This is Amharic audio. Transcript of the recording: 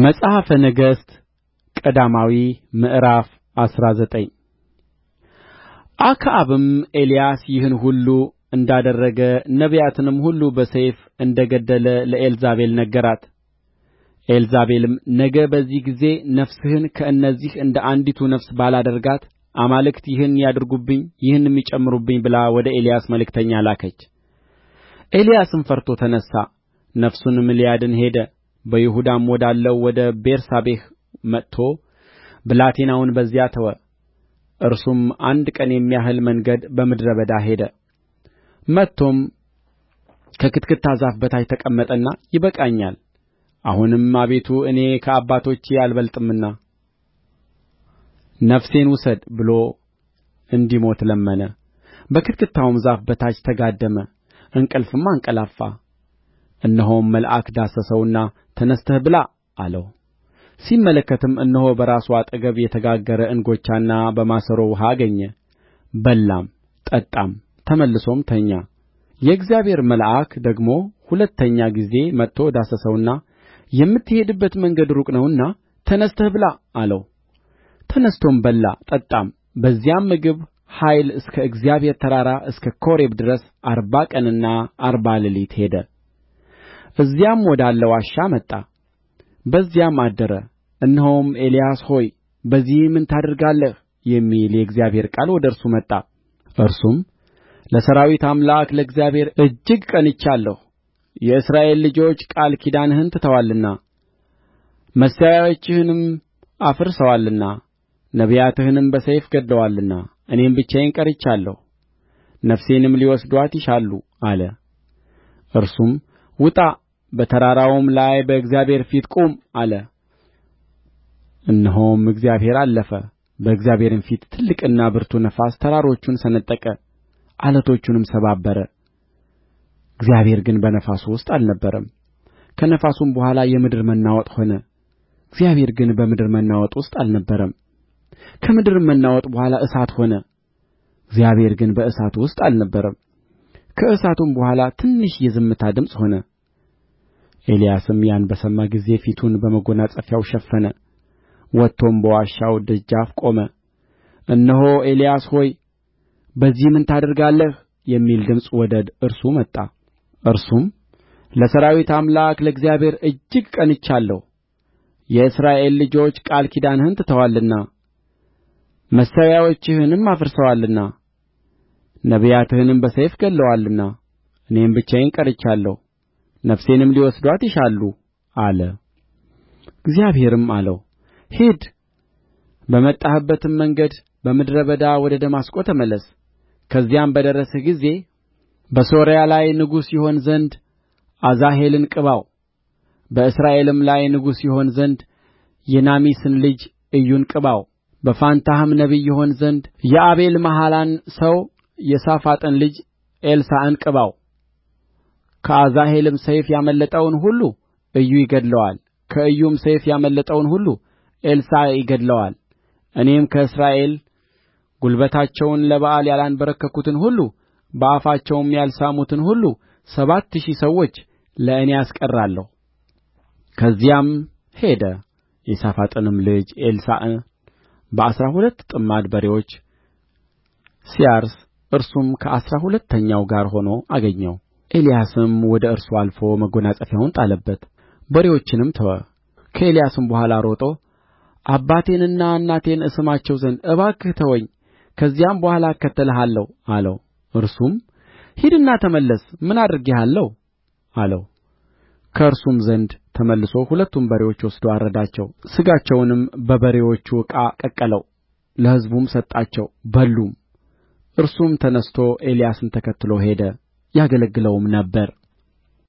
መጽሐፈ ነገሥት ቀዳማዊ ምዕራፍ አስራ ዘጠኝ አክዓብም ኤልያስ ይህን ሁሉ እንዳደረገ ነቢያትንም ሁሉ በሰይፍ እንደ ገደለ ለኤልዛቤል ነገራት። ኤልዛቤልም ነገ በዚህ ጊዜ ነፍስህን ከእነዚህ እንደ አንዲቱ ነፍስ ባላደርጋት አማልክት ይህን ያድርጉብኝ ይህንም ይጨምሩብኝ ብላ ወደ ኤልያስ መልእክተኛ ላከች። ኤልያስም ፈርቶ ተነሣ፣ ነፍሱንም ሊያድን ሄደ። በይሁዳም ወዳለው ወደ ቤርሳቤህ መጥቶ ብላቴናውን በዚያ ተወ እርሱም አንድ ቀን የሚያህል መንገድ በምድረ በዳ ሄደ መጥቶም ከክትክታ ዛፍ በታች ተቀመጠና ይበቃኛል አሁንም አቤቱ እኔ ከአባቶቼ አልበልጥምና ነፍሴን ውሰድ ብሎ እንዲሞት ለመነ በክትክታውም ዛፍ በታች ተጋደመ እንቅልፍም አንቀላፋ እነሆም መልአክ ዳሰሰውና ተነሥተህ ብላ አለው ሲመለከትም እነሆ በራሱ አጠገብ የተጋገረ እንጎቻና በማሰሮ ውኃ አገኘ በላም ጠጣም ተመልሶም ተኛ የእግዚአብሔር መልአክ ደግሞ ሁለተኛ ጊዜ መጥቶ ዳሰሰውና የምትሄድበት መንገድ ሩቅ ነውና ተነሥተህ ብላ አለው ተነሥቶም በላ ጠጣም በዚያም ምግብ ኃይል እስከ እግዚአብሔር ተራራ እስከ ኮሬብ ድረስ አርባ ቀንና አርባ ሌሊት ሄደ እዚያም ወዳለ ዋሻ መጣ በዚያም አደረ እነሆም ኤልያስ ሆይ በዚህ ምን ታደርጋለህ የሚል የእግዚአብሔር ቃል ወደ እርሱ መጣ እርሱም ለሠራዊት አምላክ ለእግዚአብሔር እጅግ ቀንቻለሁ የእስራኤል ልጆች ቃል ኪዳንህን ትተዋልና መሠዊያዎችህንም አፍርሰዋልና ነቢያትህንም በሰይፍ ገድለዋልና እኔም ብቻዬን ቀርቻለሁ ነፍሴንም ሊወስዱአት ይሻሉ አለ እርሱም ውጣ በተራራውም ላይ በእግዚአብሔር ፊት ቁም አለ እነሆም እግዚአብሔር አለፈ በእግዚአብሔርም ፊት ትልቅና ብርቱ ነፋስ ተራሮቹን ሰነጠቀ ዓለቶቹንም ሰባበረ እግዚአብሔር ግን በነፋሱ ውስጥ አልነበረም ከነፋሱም በኋላ የምድር መናወጥ ሆነ እግዚአብሔር ግን በምድር መናወጥ ውስጥ አልነበረም ከምድርም መናወጥ በኋላ እሳት ሆነ እግዚአብሔር ግን በእሳቱ ውስጥ አልነበረም ከእሳቱም በኋላ ትንሽ የዝምታ ድምፅ ሆነ ኤልያስም ያን በሰማ ጊዜ ፊቱን በመጐናጸፊያው ሸፈነ ወጥቶም በዋሻው ደጃፍ ቆመ እነሆ ኤልያስ ሆይ በዚህ ምን ታደርጋለህ የሚል ድምፅ ወደ እርሱ መጣ እርሱም ለሠራዊት አምላክ ለእግዚአብሔር እጅግ ቀንቻለሁ የእስራኤል ልጆች ቃል ኪዳንህን ትተዋልና መሠዊያዎችህንም አፍርሰዋልና ነቢያትህንም በሰይፍ ገድለዋልና እኔም ብቻዬን ቀርቻለሁ ነፍሴንም ሊወስዱአት ይሻሉ አለ እግዚአብሔርም አለው ሂድ በመጣህበትም መንገድ በምድረ በዳ ወደ ደማስቆ ተመለስ ከዚያም በደረስህ ጊዜ በሶርያ ላይ ንጉሥ ይሆን ዘንድ አዛሄልን ቅባው በእስራኤልም ላይ ንጉሥ ይሆን ዘንድ የናሜሲን ልጅ ኢዩን ቅባው በፋንታህም ነቢይ ይሆን ዘንድ የአቤልመሖላን ሰው የሳፋጥን ልጅ ኤልሳዕን ቅባው ከአዛሄልም ሰይፍ ያመለጠውን ሁሉ ኢዩ ይገድለዋል ከኢዩም ሰይፍ ያመለጠውን ሁሉ ኤልሳዕ ይገድለዋል እኔም ከእስራኤል ጕልበታቸውን ለበኣል ያላንበረከኩትን ሁሉ በአፋቸውም ያልሳሙትን ሁሉ ሰባት ሺህ ሰዎች ለእኔ አስቀራለሁ ከዚያም ሄደ የሳፋጥንም ልጅ ኤልሳዕን በአሥራ ሁለት ጥማድ በሬዎች ሲያርስ እርሱም ከአሥራ ሁለተኛው ጋር ሆኖ አገኘው ኤልያስም ወደ እርሱ አልፎ መጐናጸፊያውን ጣለበት በሬዎቹንም ተወ ከኤልያስም በኋላ ሮጦ አባቴንና እናቴን እስማቸው ዘንድ እባክህ ተወኝ ከዚያም በኋላ እከተልሃለሁ አለው እርሱም ሂድና ተመለስ ምን አድርጌሃለሁ አለው ከእርሱም ዘንድ ተመልሶ ሁለቱን በሬዎች ወስዶ አረዳቸው ሥጋቸውንም በበሬዎቹ ዕቃ ቀቀለው ለሕዝቡም ሰጣቸው በሉም እርሱም ተነሥቶ ኤልያስን ተከትሎ ሄደ ያገለግለውም ነበር